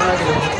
Thank you.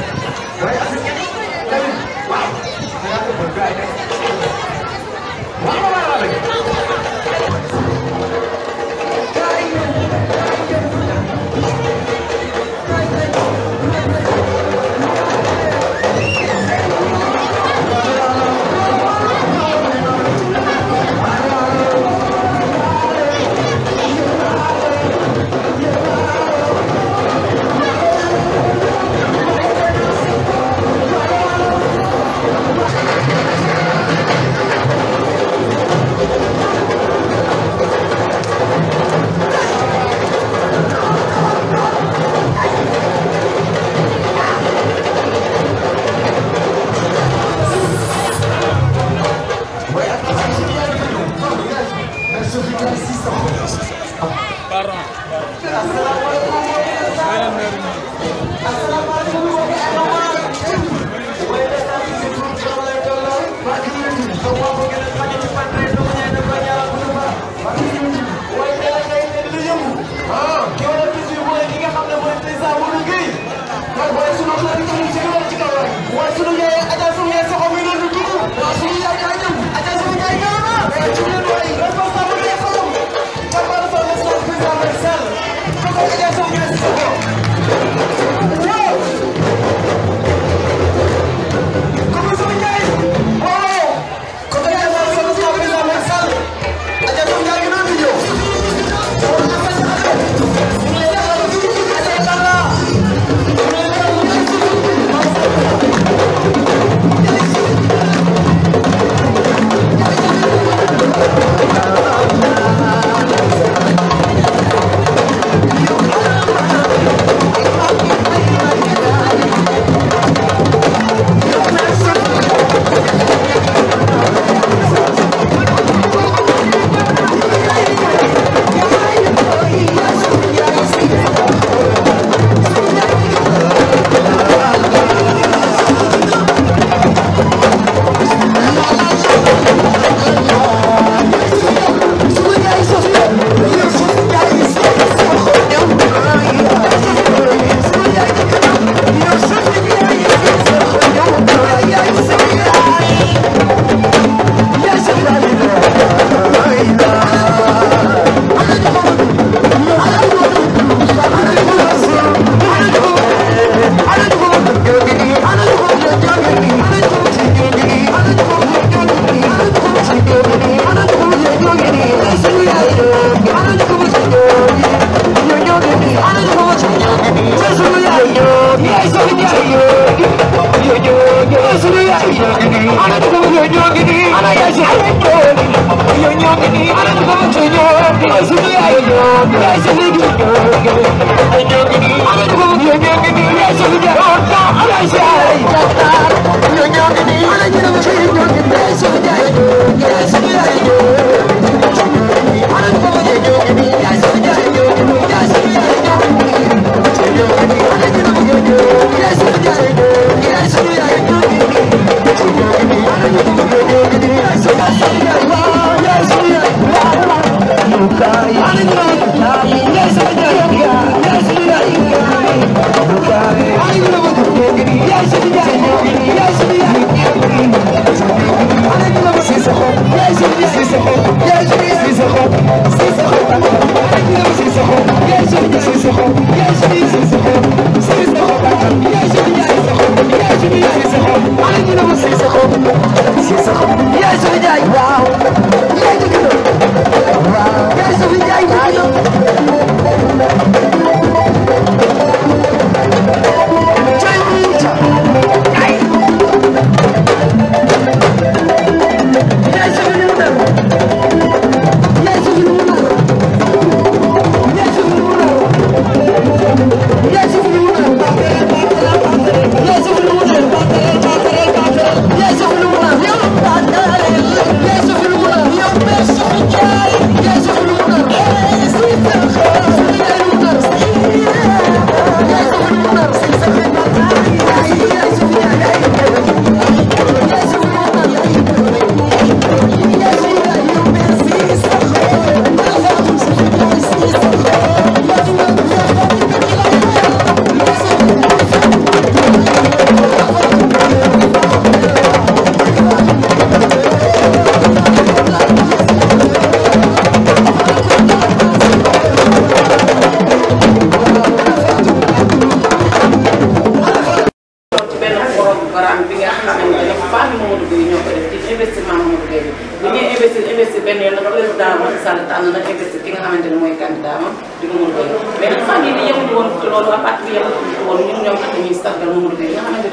loolu ñun ñoom tamit ñuy sargal Mamadou Gueye nga ñun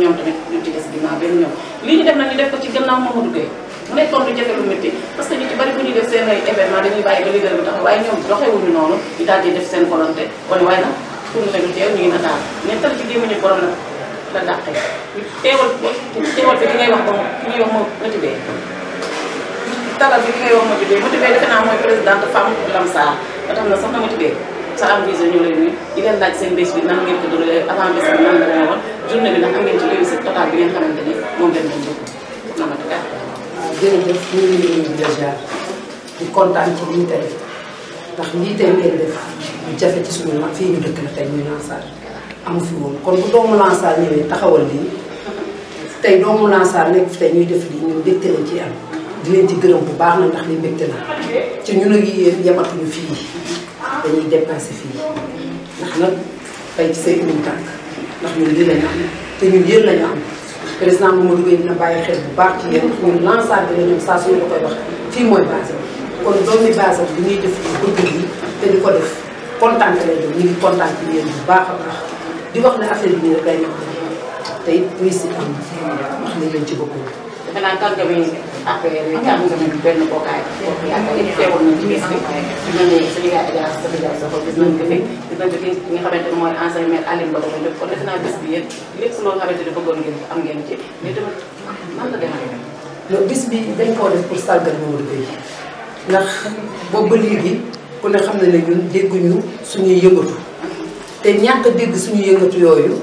ñoom tamit ñu def nag ñu def ko ci gannaaw Mamadou Gueye mu nekkoon lu jafe parce que ñu ci bari bi ñu daal seen volonté wane waaye nag pour ne lu teew ñu ngi nataal nettal ci gémmiñu borom la la dàqee ñu teewal teewal bi di ngay wax ba ki ngay wax moo mati bee bi di ngay wax mati bee mati bee defe naa mooy présidente femme Lam Sarr ba tax na sax na mati sa Vision ñu lay nuyu di leen seen bés bi nan ngeen ko dundee bi nan la ñu woon journée bi ndax am ngeen ci réussite totale bi moom ngeen dund na ma dëgg. waaw jërëjëf ñu di dèjà di kontaan ci lii ndax lii tey ngeen def lu jafe ci suñu mag fii ñu dëkk la tey muy Lansar amu fi woon kon bu doomu Lansar ñëwee taxawal lii tey doomu Lansar nekk fi tey ñuy def lii ñun mbégte lañ ciy am di leen ci gërëm bu baax na ndax lii mbégte na ci ñun ak yéen yematuñu fii. dañuy dépassé fii ndax nag fay ci say umu tànk ndax ñun lii lañ am te ñun yéen lañ am président Mamadou Gueye dina xel bu baax ci yéen ñun lancement bi la ñoom saa su ñu koy wax fii mooy base kon doomi base bi ñuy def ko bëgg yi te di ko def kontaan lay doon ñu ngi kontaan ci yéen bu baax a baax di wax ne affaire bi nii rek day ñor te it muy si am wax nañ leen ci boppam. defe naa kàngam yi ak kàngam yi benn bokkaay. yaakaar yëpp teewoon nañu ci bi. ñu nga xamante ne mooy enseignant maître Alioune Ba ko def kon defe bi yëpp lépp loo xamante ne bëggoon ngeen am ngeen ci mais tamit man la demee. loolu bés bi dañ koo def pour sargal Mamadou Gueye ndax boobu ba léegi ku ne xam na ne ñun dégguñu suñuy yëngatu te ñàkk dégg suñu yëngatu yooyu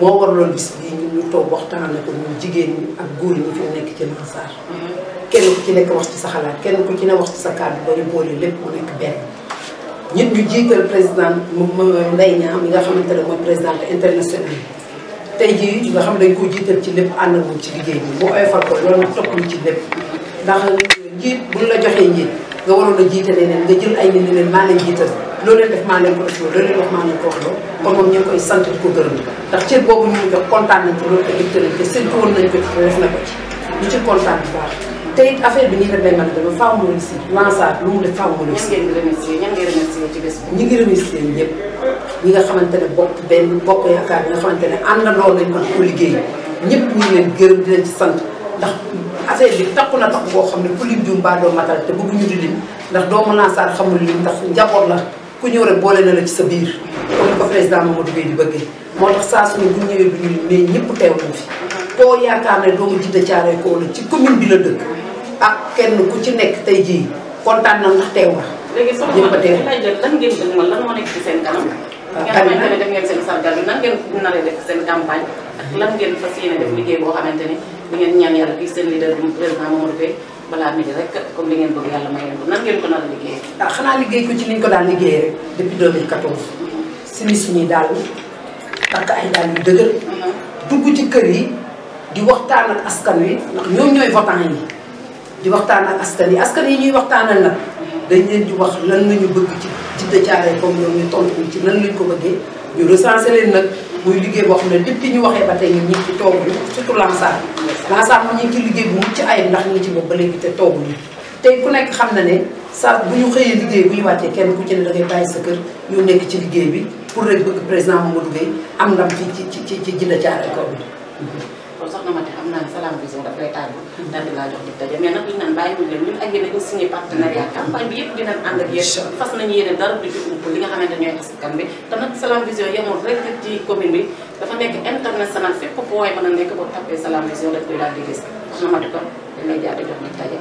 moo waraloon bis bii ñun ñu toog waxtaane ko ñun jigéen ñi ak góor ñu fi nekk ci Lansar. kenn ku ci nekk wax ci sa xalaat kenn ku ci ne wax ci sa kàddu ba ñu boole lépp mu nekk benn. ñun ñu jiital président mu Ndeye Niang mi nga xamante ne mooy présidente internationale tey jii nga xam dañ koo jiital ci lépp ànd moom ci liggéey bi moo oyofal ko loolu topp ci lépp ndax njiit buñ la joxee njiit. nga waroon a jiite leneen nga jël ay nit ne leen maa leen jiital loo leen def maa leen ko def loolu ñu koy sant di ko ndax cër boobu ñu kontaan nañ ko loolu ko dégte nañ ko surtout ko ci te affaire bi nii rek lay mën a demee faaw mu réussir Lansar lu mu def faaw mu réussir ci bés bi ñi ngi nga xamante ne bokk benn bokk yaakaar bi nga xamante ne àndandoo nañ ko di ko liggéey ñëpp ñu ngi leen gërëm di leen ci sant ndax affaire bi takku na takku boo xam ne ku lim juum baa doo matal te bëgguñu di lim ndax doomu Lansar xamul lim ndax njaboot la ku ñëw rek boole na la ci sa biir président Mamadou Gueye di moo tax saa ñu mais ñëpp teew nañ fi koo yaakaar ne doomu Djiddah Thiaroye Kao la ci commune bi la dëkk ak kenn ku ci nekk tey jii kontaan na ndax teew na léegi soxna Ndeye Diagne lan ngeen dëgmal lan moo nekk ci seen ah, campagne. ak lan ngeen fas yéene def liggéey boo xamante ni di ngeen ñaan yàlla fii seen leader du président Mamadou Faye balaa midi rek comme li ngeen bëgg yàlla may leen ko nan ngeen ko nar a liggéeyee. ah xanaa liggéey ko ci ni ñu ko daan liggéeyee rek depuis 2014. Mhm. simi suñuy daal takk ay daal yu dëgër. Mhm. dugg ci kër yi di waxtaan ak askan wi ndax ñoom ñooy votant yi di waxtaan ak askan yi askan yi ñuy waxtaanal nag. dañ leen di wax lan la ñu bëgg ci Djiddah Thiaroye comme ñoom ñu tontu ci lan lañ ko bëggee ñu recensé leen nag. muy liggéey boo xam ne depuis ñu waxee ba tey ñun ñu ngi ci tooguñu surtout Lansar Lansar mu ñu ngi ci liggéey bu ci ay ndax ñu ci boobu ba léegi te tooguñu tey ku nekk xam na ne saa bu ñu xëyee liggéey bu ñu wàccee kenn ku ci ne da ngay bàyyi sa kër ñu nekk ci liggéey bi pour rek bëgg président Mamadou Gueye am ndam ci ci ci ci Djiddah Thiaroye Kaw bi. kon soxna Mate am naa Salam Vision daal di laa jox di daje mais nag ñu naan bàyyi ñu leen ñun ak yéen dañu signé partenariat campagne bi yëpp dinañ ànd ak yéen fas nañu yéene dara du ci ump li nga xamante ñooy askan bi te nag Salam Vision yemul rek ci commune bi dafa nekk international fépp bu waay mën a nekk boo tappee Salam Vision daf koy daal di gis xam nga kon dañ lay jaar di jox di daje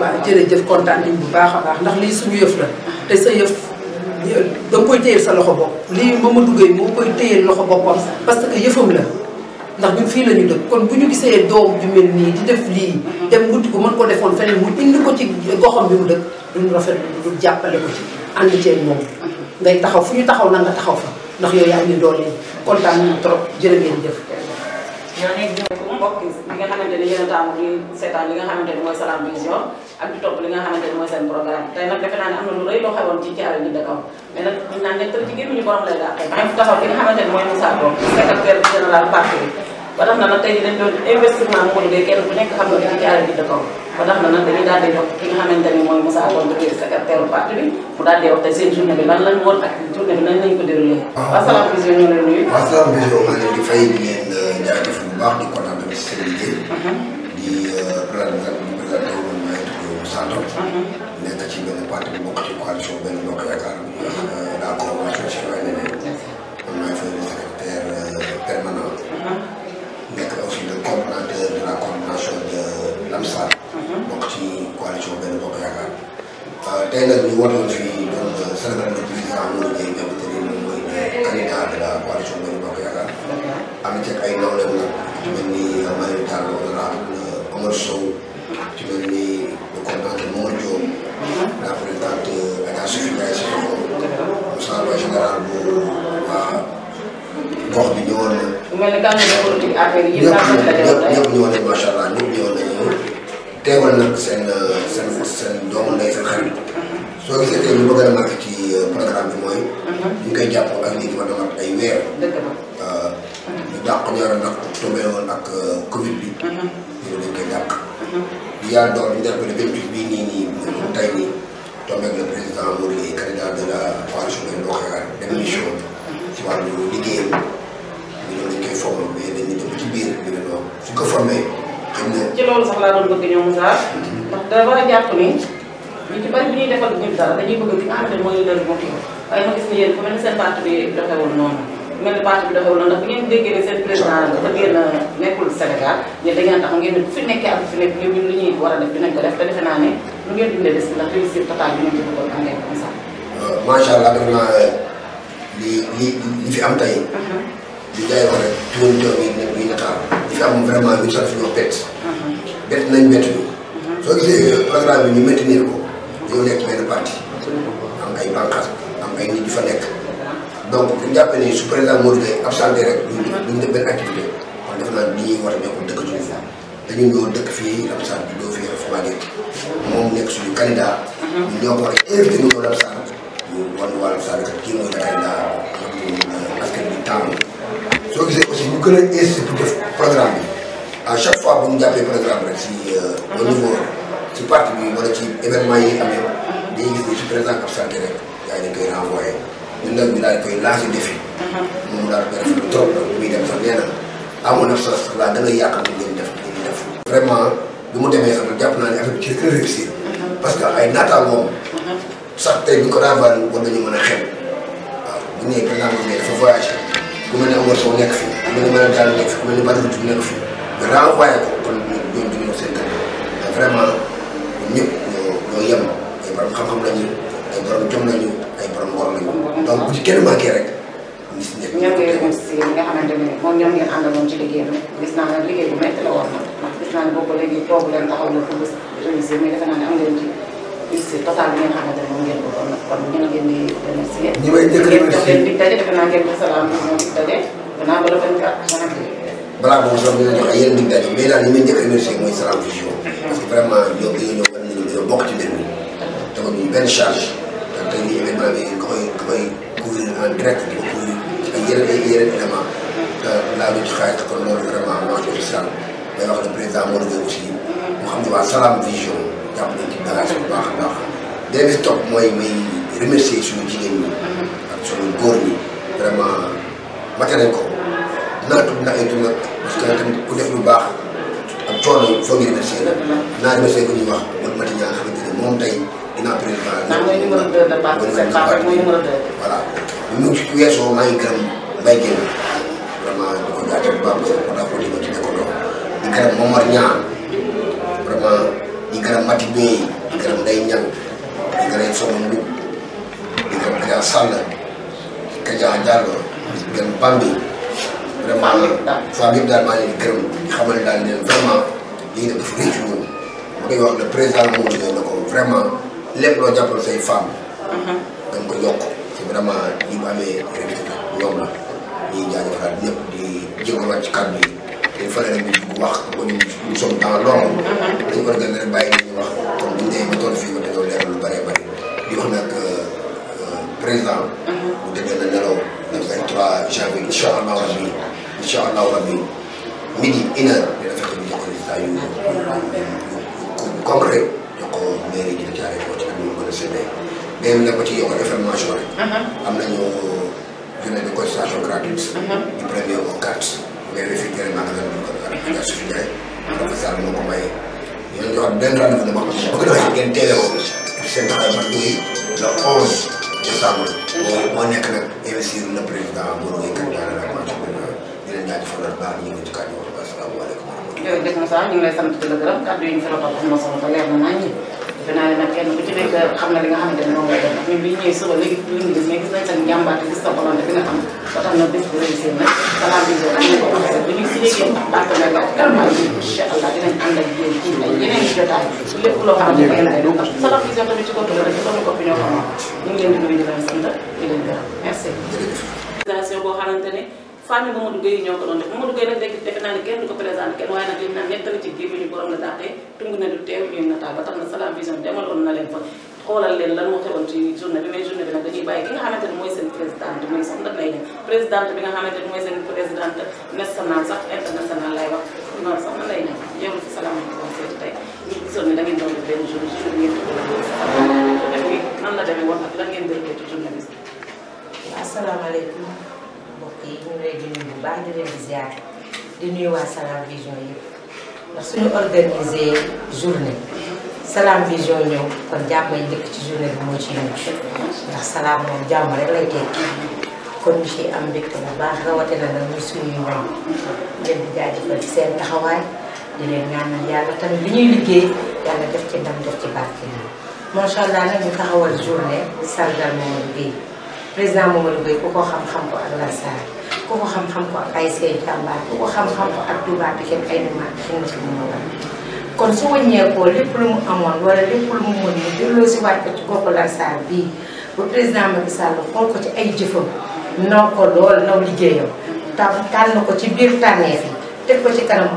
waaw jërëjëf kontaan nañ bu baax a baax ndax lii suñu yëf la te sa yëf da nga koy téyel sa loxo bopp lii Mamadou Gueye moo koy téyel loxo boppam parce que yëfam la ndax ñun fii la ñu dëkk kon bu ñu gisee doom ju mel nii di def lii dem wuti ko mën ko defoon feneen mu indi ko ci goxoom bi mu dëkk duñu rafet du jàppale ko ci ànd ceeg moom ngay taxaw fu ñu taxaw na nga taxaw fa ndax yooyu yaa ngi doole kontaan nañu trop jërë ngeen jëf mbokk yi nga xamante ni yéen a taamu di seetaan nga xamante ni mooy Salam Vision ak di topp li nga xamante ni mooy seen programme tey nag defe naa ne am na lu rëy loo xewoon ci caare gi dakaw mais nag ñu naan nekk ci gémmiñu borom nga xamante mooy Moussa Diop secrétaire général parti bi ba na nag tey dañ doon investissement mooy de kenn ku nekk xam nga ci caare gi na nag dañuy daal di yokk ki nga xamante ni mooy Moussa Diop di secrétaire parti bi mu daal di wax tey seen journée bi lan lan woon ak journée bi nan lañ ko déroulé waaw ah. Salam Vision jaajëfal bu baax di kontaan tamit ci seen liggéey. di présenté bu présenté wu ma maa ngi tudd Santo. nekk ci benn parti bu bokk coalition benn bokk yaakaar euh, la convention citoyenne kon maa ngi fay le secrétaire euh, permanent. nekk aussi le coordonnateur de la coordination de l'AMSA. bokk coalition benn bokk yaakaar. Euh, tey nag ñu wootoon fii donc célébrer le président Modou Dieng Omar Sow ci mel ni le commandant Momar Diop la présidente Adja Sophie Ndiaye si xaw ma général bu waa gox bi ñëwoon na. bu mel ni kàddu politique affaire yi. ñëpp ñëpp ñëwoon ko formé xam ne. ci loolu sax laa doon bëgg ñoom Moussa. ndax da war a jàpp ni ñu ci bari bu ñuy defal bu ñu dara dañuy bëgg li nga xamante ne bi doxewul noonu. bi doxewul noonu ndax bu ngeen déggee ne seen président dafa ñu da ngeen tax ko def te naa ne lu ngeen dundee des ndax réussir total euh, euh, li li li fi am tey. Mhm. li ngay wax rek juróom jaww yi nag ñuy nataal fi am vraiment ñu sax fi ñoo bett bett nañ bett ñu ko dañoo nekk benn parti am ay bànqaas am ay nit yu fa nekk donc bu jàppee ni su président Modou Gueye absenté rek duñ duñ def benn activité kon def naa li ñuy war a dëkk suñu fa dañu ñëw dëkk fii Lamsar bi doo fi Fapal moom nekk suñu candidat ñu ñoo ko war a invité ñu ko Lamsar ñu wan waa Lamsar kat kii mooy candidat askan bi taamu ci ñu gën a incité def programme bi à chaque fois bu ñu jàppee programme rek ci euh, au niveau ci parti bi wala ci événement yi amee dañuy gis ne ci président Pape Sané ñu di koy lancé défi. Uh-huh. moom daal di koy trop nag muy dem sax nee na amoon na sens là da ngay yàqal li def li ngeen def. vraiment bi mu demee sax jàpp naa ne la réussir uh-huh. parce que ay naataal moom. Uh-huh. sax tey bi ku mel ne Omar Sow nekk fi ku mel ne Malick Diallo nekk fi ku mel ne Badou Diouf nekk fi nga renvoyé ko kon ñoom ñu ñëw seen kër vraiment ñëpp ñoo ñoo yem ay borom xam-xam lañu ay borom jom lañu ay borom ngor lañu donc bu ci kenn manqué rek. ñu si ñëpp ñoom ñooy dem si nga xamante ne moom ñoom ngeen àndaloon ci liggéeyam gis naa ne liggéey bu métti la woon nag gis naa ne boobu léegi toogu leen taxaw na ko bés remisé mais defe naa ne am ngeen ci. réussite totale bi ngeen xamante ne moom ngeen ko kon kon ñu ngi leen di remercier. ñu may njëkk a remercier ngeen jox leen dig daje defe naa ngeen ko salaam moom dig daje danaa bala bañ ak maanaam. balaa boobu sax dina jox ay yeneen dig daje mais daal li may njëkk a remercier mooy Salam Vision. parce que vraiment ñoom dañoo ñëw am nañu dañoo bokk ci mbir mi. te ko ñu benn charge. ndax tey lii événement bi nga koy nga koy couvrir en direct di ko couvrir ci ay yeneen ay yeneen éléments. laa doon ci xaaj te kon loolu vraiment wax dëgg si daal day wax le président Modou Gueye aussi mu xam ne waa Salam Vision jàpp nañ ci bu baax a baax beneen bi topp mooy may remercier suñu jigéen ñi suñu góor ñi vraiment mate nañ ko naa tudd nag ku def lu baax ak coono foo ngi nga xamante ne moom tey dinaa président bu baax parce que ko di ma ci nekk doom di gërëm Mati Bey di gërëm Ndeye Ndiaye di gërëm Sow Ndioub di gërëm Kaja Sall Kaja Diallo di gërëm Bambi vraiment fois bii daal maa ngi leen di gërëm di xamal daal ne vraiment lii nag dafa rëcc ñun ma koy wax le président moom ñëw na ko vraiment lépp loo jàppale say femmes. dañ ko yokk ci vraiment li mu amee réglé yomb la ñuy jaajëfalaat ñëpp di jégalu ci kàddu yi. les frères yi ñu wax ba ñu nous sommes dans l'ombre dañu war a gën leen bàyyi ñu wax kon bu ñu demee ba toll fii ba dañoo leeral lu bëree bëri di wax nag euh, euh, président. bu déggee na nelaw le 23 janvier incha allahu rabbi incha allahu rabbi midi une heure dina fekk ñu jox résultat yu yu concret jox ko mairie di jaare ko ci ñu mën a séddee. mais nag ba ci yokk information rek. am nañu journée de consultation gratuite. Uh-huh. du premier au quatre. mais bi fii carrément da nga doon ko daal di suñu jaay. Macky Sall moo ko may. ñu ngi jox benn rendez-vous boo xam ne bëgg naa ngeen teel a woo seen taxawaay man muy le 11 décembre. moo nekk nag investir le président Mourou Gueye Kane daal la ñu leen jaajëfalal baax ñu ngi ci kàddu wax ba asalaamaaleykum. yooyu dégg na sax ñu ngi lay sant di la gërëm kàddu yi ñu fi la topp am na solo leer na nañ defe naa ne nag kenn ku ci nekk xam na li nga xamante ne moom ngay def ñun bi ñëwee suba léegi ñu gis nañ sa njàmbaate gis sa volonté bi nga xam ba tax na bés bu réussir nag partenariat tellement yéen incha allah dinañ ànd ci i jotaay lépp loo xam ne day laaj ci kottu la rek ko moom boo xamante ne famille Mamadou Gueye ñoo ko doon def Mamadou Gueye nag léegi kenn waaye nag li ñu naan nettali ci gémmiñu borom la daatee tungu na du teew ñuy nataal ba tax na Salam Vision demaloon na leen fa. xoolal leen lan moo xewoon ci journée bi mais journée bi nag dañuy bàyyi ki nga xamante ne mooy seen présidente mooy soxna Ndeye Diagne présidente bi nga xamante ne mooy seen présidente nationale sax internationale lay wax non soxna Ndeye Diagne yow fi salaamaaleykum seeti tey ñu gisoon ne benn jour journée bi ngeen tudd la def bi nan la demee woon ak lan ngeen baax di di nuyu waa Salam Vision yëpp ndax suñu organiser journée. Salam Vision ñëw kon jàmm yi ci journée bi moo ciy mujj ndax salaam moom jàmm rek lay tekki kon ñu ciy am mbégte bu baax rawatina nag muy suñuy ñoom leen di jaajëfal seen taxawaay di leen ñaanal yàlla tamit li ñuy liggéey yàlla def ci ndam def ci barke yi macha allah nag ñu taxawal journée sargal Mamadou Gueye président Mamadou Gueye ku ko ku ko xam-xam ko ak ay seen jàmbaar ku ko xam-xam ko ak Touba Pikine ay numéros yi fi mu ci mën a kon su wëññeekoo lépp lu mu amoon wala lépp lu mu mën ñu delloosiwaat ko ci kooku Lal bii ba président Macky Sall xool ko ci ay jëfam naw ko lool naw liggéeyam tam tànn ko ci biir tànneef yi teg ko ci kanamu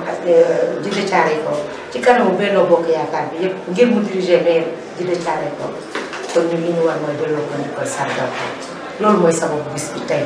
Djidah Thiaroye Kaw ci kanamu Benno Bokk Yaakaar bi yëpp ngir mu diriger maire Djidah Thiaroye Kaw kon ñun li ñu war mooy delloo ko ñu koy sargal ko loolu mooy sababu bis bi tey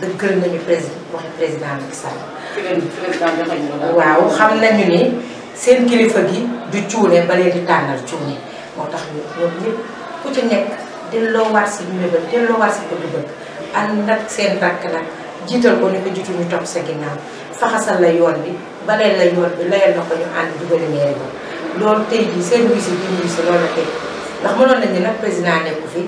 dëggal nañu président waxi waaw xam nañu ne seen kilifa gi du cuune ba leen di tànnal cuune moo tax ñu ñoom ñëpp ku ci nekk delloowaat si mébét delloowaat si bëgg-bëgg jiital ko ni ko jiitu topp sa ginnaaw faxasal la yoon bi baleel la yoon bi layal na ko ñu ànd dugali mairie ba loolu tey jii seen wisi bi ñu wisi loolu la ndax mënoon nañu nag président nekku fi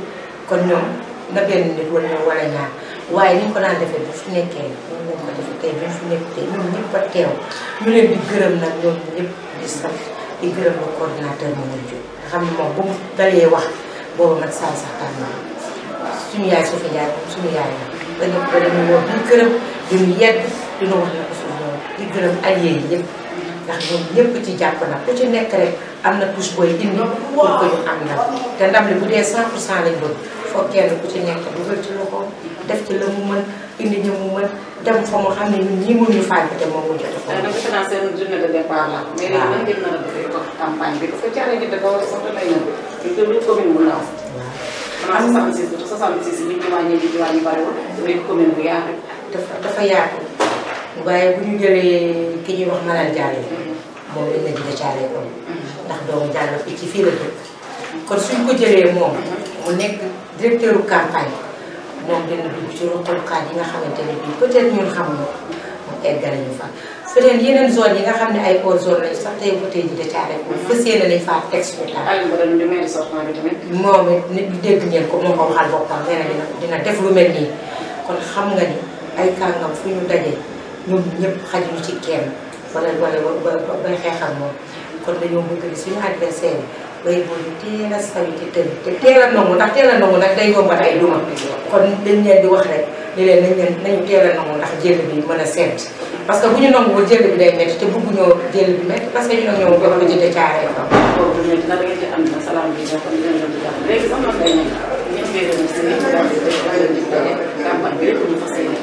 kon ñoom na benn nit wala ñoom wala ñaar waaye ni ko daan defee bu fi nekkee moom lañ ko defee tey bi fi nekk tey ñoom ñëpp a teew ñu leen di gërëm nag ñoom ñëpp di sant di gërëm le coordinateur Mamadou Diop nga xam ne moom bu mu dalee wax boobu nag saa sax tànn na suñu yaay Sophie Ndiaye moom suñu yaay la dañu ko dañu woo di gërëm di ñu yedd di ñu wax ne ko suñu di gërëm alliés yi yëpp ndax ñoom ñëpp ci jàpp nag ci nekk am na touche booy indi pour que ñu am te ndam bu dee 100 pour cent lañ bëgg ku ci nekk dugal ci loxoom ci la mu mën indi ña mu fa mu xam ne ñun ñii mënuñu fàtte a. waaw defe naa seen journée de a defee campagne bi parce la ñu def ba wala soxla lay ñëw ñu jël ci wàññi ñu ci dafa dafa waaye bu ñu jëlee ki ñuy wax Malal Diallo moom ci fii kon suñ ko jëlee moom mu nekk directeur u campagne moom dina nga xamante ne bii peut-être ñun xamuñu ko mu zone yi nga xam ne ay hors lañ sax tey ba tey jii da caa rek fas yéene nañ moom ko waxal boppam dina def lu mel nii kon xam nga ni ay kàngam fu ñu dajee. ñoom ñëpp xajuñu ci kenn wala wala ba bay xeexal moom kon dañoo bëgg ni suñu adversaire yi bay boo ñu teel a sawi ci tënk te teel a nangu ndax teel a nangu nag day yombal ay duma kon dañ leen di wax rek ni leen nañ leen nañu teel a nangu ndax jël bi mën a seet parce que bu ñu nangu ba jël bi day métti te bëgguñoo jël bi métti parce que ñu nangu ñoom dox la jënd caare yi tam boobu ñun dina ngeen di am na salaam bi ñoo xam ne dinañ ko di tax léegi sax man day ñëw ñëpp bee dem si ñëpp daal di def campagne bi rek ñu fas yéene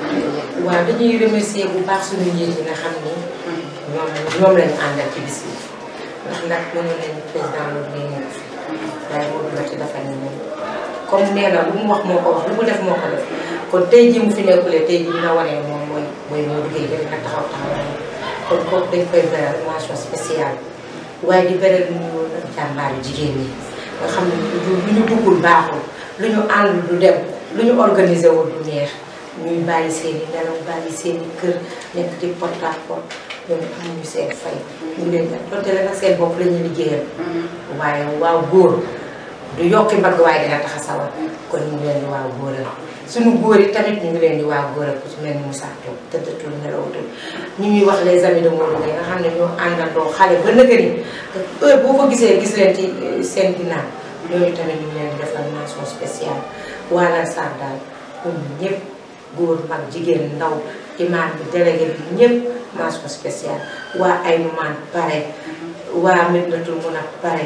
waaw dañuy remercier bu baax suñu njiit nga xam ni. ñoom ñoom lañu àndal ci bis bi. ndax nag mënoon nañu président loolu day ñëw waaye boobu ba ci dafa ne moom comme nee na lu mu wax moo ko wax lu mu def moo ko def kon tey jii mu dañ koy beral mention spéciale waaye di beral ñu nag jàmbaaru jigéen ñi nga xam ne lu ñu duggul baaxul lu ñu ànd du dem lu ñu organisé wul du neex. ñuy bàyyi seen i nelaw bàyyi seen i kër nekk di porte à porte ñooñu amuñu seen fay. ñu leen di donte seen bopp la ñuy mm-hmm. waaye waaw góor du yokki mbagg waaye dina tax a sawar. Mm-hmm. kon ñu leen di waaw góor yi tamit ñu ngi leen di waaw góoral ku mel ni Moussa Diop tëddatul nelawutul ñu ñuy wax les amis de Modou Gueye nga xam ne ñoo àndandoo xale boo ko gisee gis leen ci euh, seen tamit ñu ngi leen di defal mention spéciale waa daal ñun góor mag jigéen ndaw imaam bi délégué bi ñëpp mention spéciale waa ay numaan pare waa Medinatul mun a pare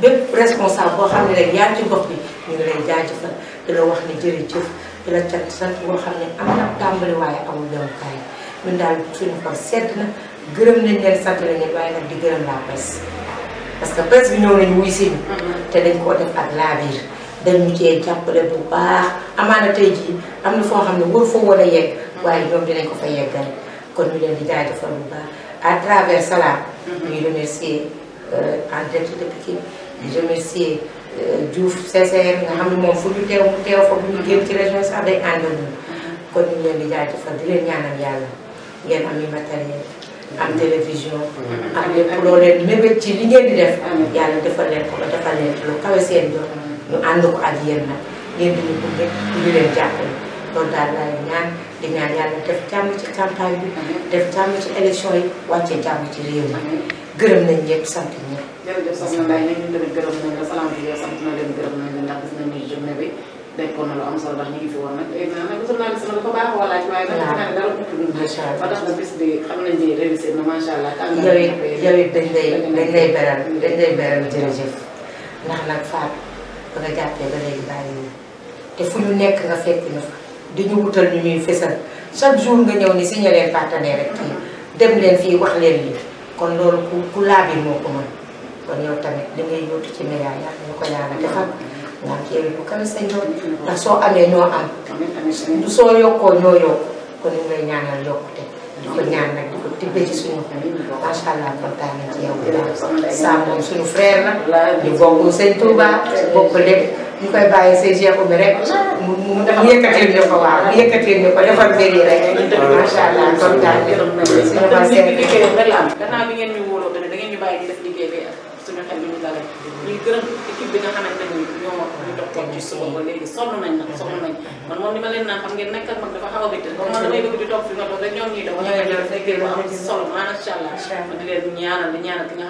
bépp responsable boo xam ne rek yaa ci gox bi ñu ngi lay jaajëfal di la wax ne jërëjëf di la cat sant boo xam ne am na tàmbali waaye amul demukaay ñun daal suñu xol sedd na gërëm nañ leen sant nañ leen waaye nag di gërëm la presse parce que presse bi ñëw nañu wuy si te dañ koo def ak laabiir dañu cee jàppale bu baax amaana tey jii am na foo xam ne wër foo war a yegg waaye ñoom dinañ ko fa yeggal kon ñu leen di jaajëfal bu baax à travers Salam mm-hmm. ñuy di ci région sax day àndal ñu mm-hmm. kon ñu leen di yàlla ngeen am i matériel am télévision mm-hmm. am lépp loo leen mébét ci li ngeen di def yàlla defal leen ko defal leen ci lu kawe seen jox ñu ànd ko ak yéen nag ngeen di ñu gunge ci campagne ci élection yi nañ ñëpp sant ñëpp. jërëjëf soxna Mbaye ñun ñu tamit ne beral dañ ndax nag Fatou ba nga jàppee ba léegi bàyyi ñu te fu ñu nekk nga fekk ñu fa di ñu wutal ñu ñuy fésal chaque jour nga ñëw ni signé leen partenaire rek dem leen fii wax leen lii kon loolu ku ku laabi moo ko mën kon yow tamit li ngay yóotu ci média yàlla ñu ko yàlla defal nga am kii bu kawe sa ndax soo amee ñoo am du soo yokkoo ñoo yokk kon ñu ngay ñaanal yokkute ko ñaan nag di ci suñu xel macha allah kontaan na ci yow. saa moom suñu frère la. ñu bokk sëñ Touba bokk lépp ñu koy bàyyi say jeexu bi rek mu mu mu yëkkatil ñu ko waaw mu yëkkatil ñu ko defal mbir yi rek. macha allah kontaan nañu. suñu ma seetlu gannaaw bi ngeen ñu wóoloo da ngeen ñu bàyyi di def toog ci suba ba léegi nañ nag sonn nañ man moom li ma leen naan xam ngeen nekk dafa xaw a bitte comme bëgg di toog fi nga toog rek ñoom ñuy def wala léegi am ci solo macha allah ma di leen ñaanal di ñaanal ki nga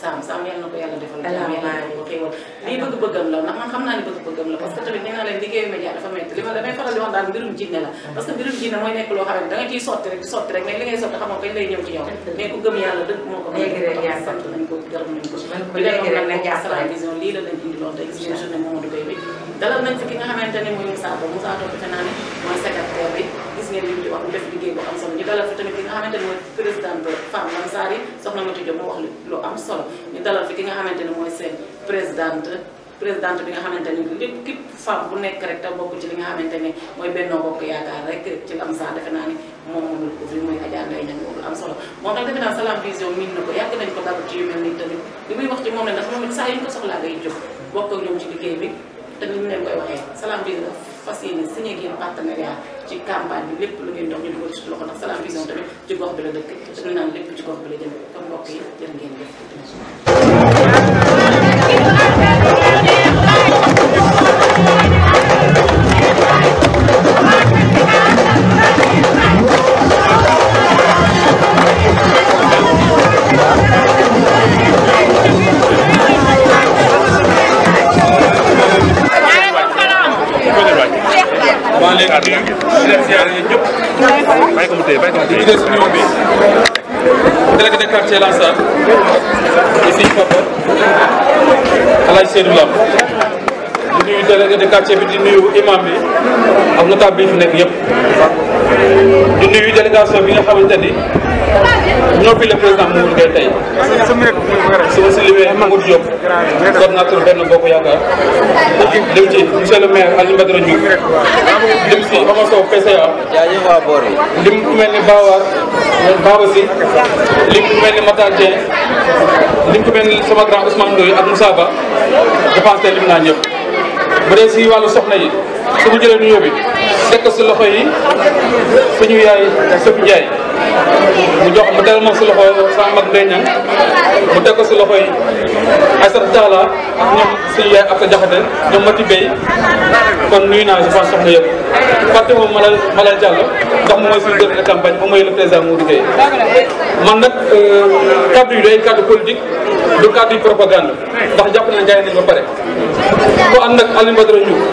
xamante na ko yàlla defal jàmm yàlla ko xéewal lii bëgg-bëggam la ndax xam naa ni bëgg-bëggam la parce que tamit nee naa leen liggéeyu média dafa métti li ma damay faral di wax daal mbirum jinne la parce que mbirum jinne nekk loo xam ne da nga ciy sotti rek yàlla dëgg moo ko sant nañ ko gërëm nañ ko bi leen wax nag ci yéen journée Mamadou Beye bi dalal nañ fi ki nga xamante ne mooy Moussa Ba Moussa Ba naa ne mooy secrétaire bi gis ngeen li mu def liggéey bu am solo ñu dalal fi tamit ki nga xamante ne mooy présidente femme Lansar yi soxna Mati Diop mu am solo ñu dalal fi ki nga xamante ne mooy seen présidente présidente bi nga xamante ne lépp képp bu nekk rek te bokk ci li nga xamante ne mooy Benno Bokk Yaakaar rek ci Lansar defe naa ne moom mënul ko am solo moo tax defe naa Salam Vision miin na ko yàgg nañ ko dalu ci yu mel ni tamit li muy wax ci moom ne ndax moom it saa yu ko soxlaa jóg bokk ak ci liggéey bi te ne ñu leen koy waxee Salam Vision dafa fas yéene signé ak yéen partenariat ci campagne bi lépp lu ngeen dox ñu dugal ci loxo ndax Salam Vision tamit ci gox bi la dëkk te ñu naan lépp ci gox bi la jëm kon mbokk yi jërë ngeen jëf. délégué de quartier Lansar di suñu di El Hadj Seydou Lam di nuyu délégué de quartier bi di nuyu imam bi ak notable bi fi nekk yëpp. di nuyu délégation bi nga xamante ni ñoo fi le président Mamadou Gueye tey su ma si limee Mamadou Diop coordonnateur benn bokk yaakaar lim ci monsieur le maire Aliou Badara Diouf lim si Omar Sow PCA lim ku mel ni Bawar Baba Si lim ku mel ni Matar Dieng lim ku mel ni sama grand Ousmane Ndoye ak Moussa Ba lim naa ñëpp bu dee si wàllu soxna yi su ma jëlee nuyoo bi teg si loxo yi suñu yaay Sophie Ndiaye mu jox mu tegal ma si loxo sa mag Ndeye Niang mu teg si loxo yi Aïssata Diallo ak ñoom suñu yaay Absa Diakhaté ñoom Mati Bey kon nuyu naa je pense soxna yëpp fàtte moom Malal Malal Diallo ndax moom ma suñu directeur de campagne moom mooy le président Mourou Gueye man nag euh, kaddu yi day kaddu politique du kaddu yi propagande ndax jàpp na jaay nañ ba pare ku ànd ak Alioune Badara Diouf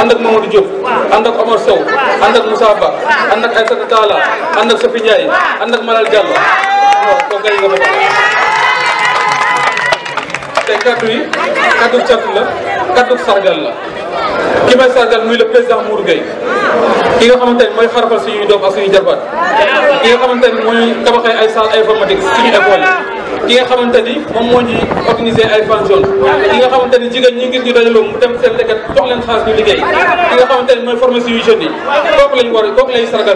ànd ak Mamadou Diop ànd ak Omar Sow ànd ak Moussa ànd ak Aïssata Talla ànd ak Sophie Ndiaye ànd ak Malal Diallo non kooku te kaddu yi kaddu cant la kaddu sargal la ki may sargal muy le président Mour Gueye ki nga xamante ne mooy xarafal suñuy doom ak suñuy jabaat ki nga xamante ne tabaxee ay salle informatique suñu école yi. ki nga xamante ni moom moo ñuy organiser ay fan zone ki nga xamante ni jigéen ñi ngir ñu dajaloo mu dem seen lekkat jox leen xaalis ñu liggéey ki nga xamante ni mooy formation yu jeunes yi kooku lañ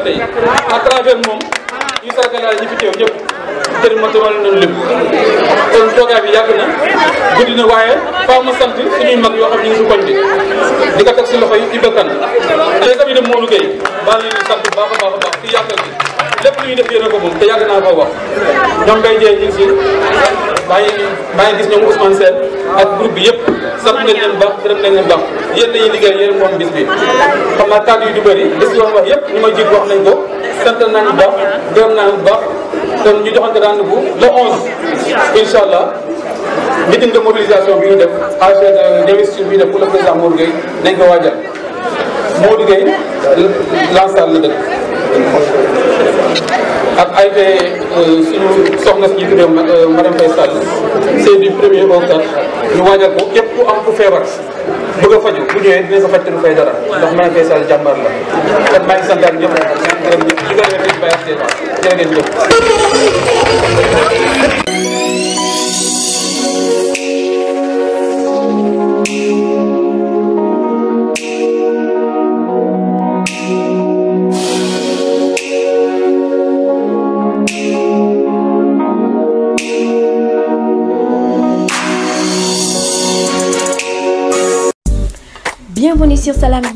tey à moom ñu sargalaale ñi fi teew ñëpp jërëjëf bi yàgg na guddi na waaye faaw ma sant suñuy mag yoo xam ñu ngi si koñ bi di ko teg si loxo yi ci bëkkan ay cabinet Modou Gueye maa ngi leen di sant bu baax a baax a baax si bi lépp lu ñuy def yéen ko moom te yàgg naa ko wax ñoom Mbaye Dieng ñu ngi si maa ngi maa ngi gis ñoom Ousmane Sène ak groupe bi yëpp sant nañ leen baax gërëm nañ leen baax yéen la ñuy liggéey yéen moom bis bi xam naa kàddu yi du bëri li si wax wax yëpp ñu ma jiit wax nañ ko sant nañ baax gërëm naa baax kon ñu joxante rendez-vous le 11 incha allah meeting de mobilisation bi ñu def AG d'investiture bi ñu def la le moo Modou Gueye nañ ko waajal Modou Gueye Lansar la dëkk ak ayte euh, suñu soxna si jiitu réew euh, madame Faye Sall c'est du premier au quatre ñu waajal ko képp ku am ku feebar bëgg a faju bu ñëwee dina faj te du fay dara ndax madame Faye Sall jàmbaar la kon maa ngi ak ñëpp ñaan gërëm ñëpp li nga leen di bàyyi ak jërë ngeen sur Salam